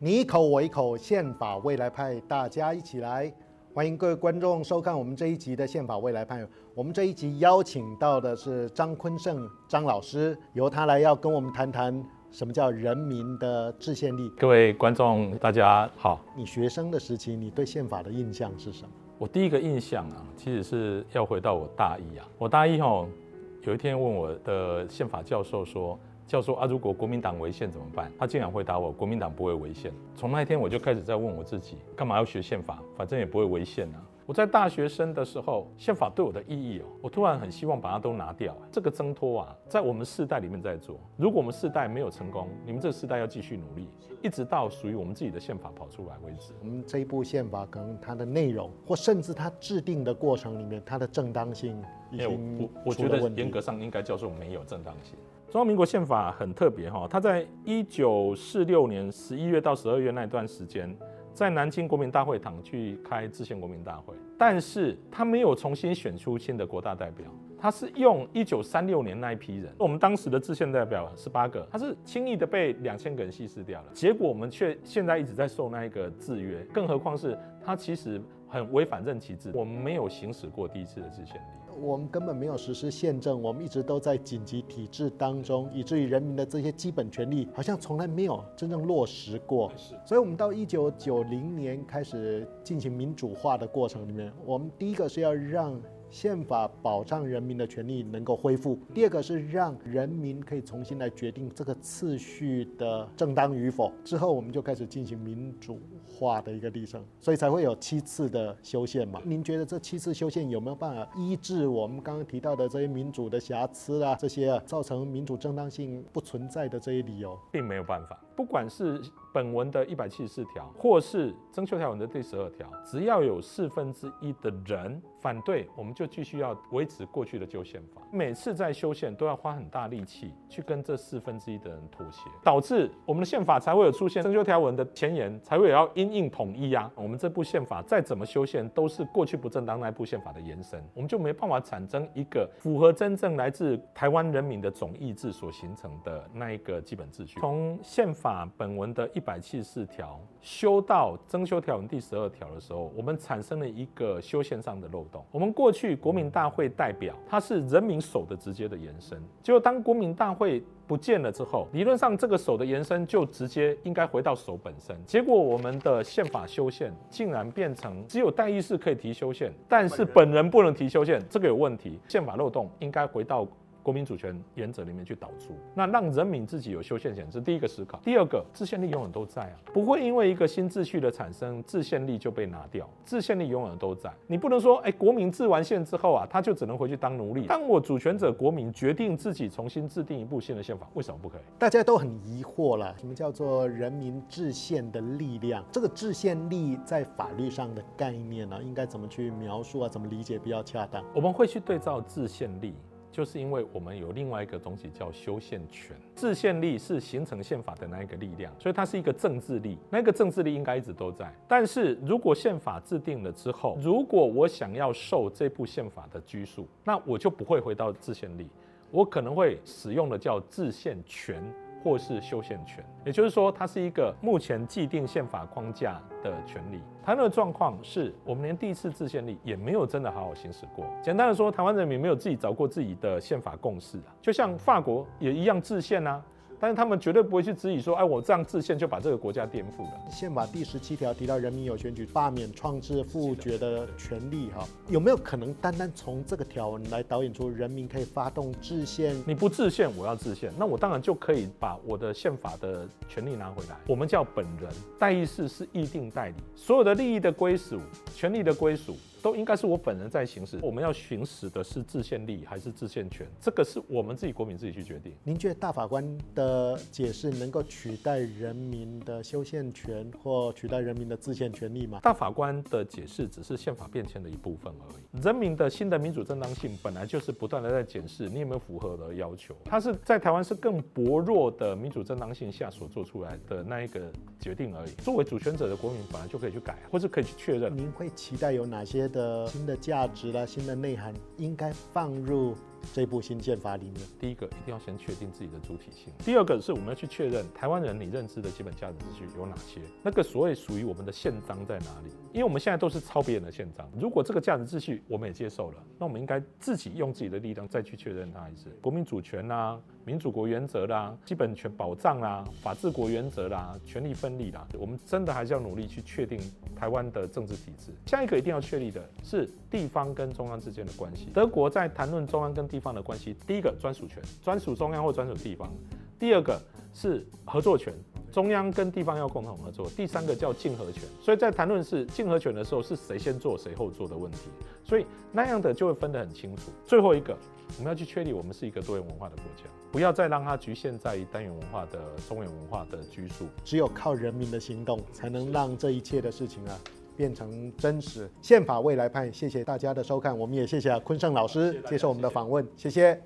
你一口我一口，憲法未來派，大家一起來！歡迎各位觀眾收看我們這一集的憲法未來派。我們這一集邀請到的是張錕盛張老師，由他來要跟我們談談什麼叫人民的制憲力。各位觀眾，大家好。你學生的時期，你對憲法的印象是什麼？我第一個印象啊，其實是要回到我大一啊。我大一吼、哦、有一天問我的憲法教授說。教授啊，如果國民黨違憲怎麼辦？他竟然回答我：國民黨不會違憲。從那一天我就開始在問我自己，幹嘛要學憲法？反正也不會違憲啊。我在大學生的時候，憲法對我的意義哦，我突然很希望把它都拿掉。這個掙脫啊，在我們世代裡面在做。如果我們世代沒有成功，你們這個世代要繼續努力，一直到屬於我們自己的憲法跑出來為止。我們、嗯、這一部憲法可能它的內容，或甚至它制定的過程裡面，它的正當性已經出我，我覺得嚴格上應該叫做沒有正當性。中華民國憲法很特別哈、哦，它在一九四六年十一月到十二月那一段時間。在南京國民大會堂去開制憲國民大會，但是他沒有重新選出新的國大代表，他是用一九三六年那一批人，我們當時的制憲代表十八個，他是輕易的被兩千個人稀釋掉了，結果我們卻現在一直在受那一個制約，更何況是他其實。很違反政體制，我們沒有行使過第一次的制憲力，我們根本沒有實施憲政，我們一直都在緊急體制當中，以至於人民的這些基本權利好像從來沒有真正落實過。是，所以我們到一九九零年開始進行民主化的過程裡面，我們第一個是要讓。憲法保障人民的權利能夠恢復。第二個是讓人民可以重新來決定這個次序的正當與否。之後我們就開始進行民主化的一個歷程，所以才會有七次的修憲嘛。您覺得這七次修憲有沒有辦法醫治我們剛剛提到的這些民主的瑕疵啊？這些、啊、造成民主正當性不存在的這些理由，並沒有辦法。不管是。本文的一百七十四條，或是增修條文的第十二條，只要有四分之一的人反對，我們就繼續要維持過去的舊憲法。每次在修憲都要花很大力氣去跟這四分之一的人妥協，導致我們的憲法才會有出現增修條文的前言，才會有，要因應統一呀、啊。我們這部憲法再怎麼修憲，都是過去不正當那部憲法的延伸，我們就沒辦法產生一個符合真正來自台灣人民的總意志所形成的那一個基本秩序。從憲法本文的一，百七十四條修到增修條文第十二條的時候，我們產生了一個修憲上的漏洞。我們過去國民大會代表它是人民手的直接的延伸，結果當國民大會不見了之後，理論上這個手的延伸就直接應該回到手本身。結果我們的憲法修憲竟然變成只有代議士可以提修憲，但是本人不能提修憲，這個有問題，憲法漏洞應該回到。國民主權原則裡面去導出，那讓人民自己有修憲權，這是第一個思考。第二個，制憲力永遠都在啊，不會因為一個新秩序的產生，制憲力就被拿掉。制憲力永遠都在，你不能說，哎、欸，國民制完憲之後啊，他就只能回去當奴隸。當我主權者國民決定自己重新制定一部新的憲法，為什麼不可以？大家都很疑惑了，什麼叫做人民制憲的力量？這個制憲力在法律上的概念呢、啊，應該怎麼去描述啊？怎麼理解比較恰當？我們會去對照制憲力。就是因為我們有另外一個東西叫修憲權，制憲力是形成憲法的那一個力量，所以它是一個政治力。那個政治力應該一直都在。但是如果憲法制定了之後，如果我想要受這部憲法的拘束，那我就不會回到制憲力，我可能會使用的叫制憲權。或是修憲權，也就是說，它是一個目前既定憲法框架的權利。台灣的狀況是我們連第一次制憲力也沒有真的好好行使過。簡單的說，台灣人民沒有自己找過自己的憲法共識，就像法國也一樣制憲啊。但是他們絕對不會去質疑說，哎，我這樣制憲就把這個國家顛覆了。憲法第十七條提到人民有選舉、罷免、創制、複決的權利，哈、哦，有沒有可能單單從這個條文來導演出人民可以發動制憲？你不制憲，我要制憲，那我當然就可以把我的憲法的權利拿回來。我們叫本人，代議士是意定代理，所有的利益的歸屬，權利的歸屬。都應該是我本人在行使。我們要行使的是制憲力還是制憲權？這個是我們自己國民自己去決定。您覺得大法官的解釋能夠取代人民的修憲權或取代人民的制憲權利嗎？大法官的解釋只是憲法變遷的一部分而已。人民的新的民主正當性本來就是不斷的在檢視，你有沒有符合的要求？它是在台灣是更薄弱的民主正當性下所做出來的那一個決定而已。作為主權者的國民本來就可以去改，或是可以去確認。您會期待有哪些？的新的價值啦，新的內涵應該放入。這部新憲法裡面，第一個一定要先確定自己的主體性，第二個是我們要去確認台灣人你認知的基本價值秩序有哪些，那個所謂屬於我們的憲章在哪裡？因為我們現在都是抄別人的憲章，如果這個價值秩序我們也接受了，那我們應該自己用自己的力量再去確認它一次。國民主權啦、啊，民主國原則啦、啊，基本權保障啦、啊，法治國原則啦、啊，權力分立啦、啊，我們真的還是要努力去確定台灣的政治體制。下一個一定要確立的是地方跟中央之間的關係。德國在談論中央跟地方的關係，第一個專屬權，專屬中央或專屬地方；第二個是合作權，中央跟地方要共同合作；第三個叫競合權。所以在談論是競合權的時候，是誰先做誰後做的問題，所以那樣的就會分得很清楚。最後一個，我們要去確立我們是一個多元文化的國家，不要再讓它局限在於單元文化的、中原文化的拘束，只有靠人民的行動，才能讓這一切的事情啊。變成真實憲法未來派。謝謝大家的收看，我們也謝謝錕盛老師謝謝接受我們的訪問，謝謝。謝謝。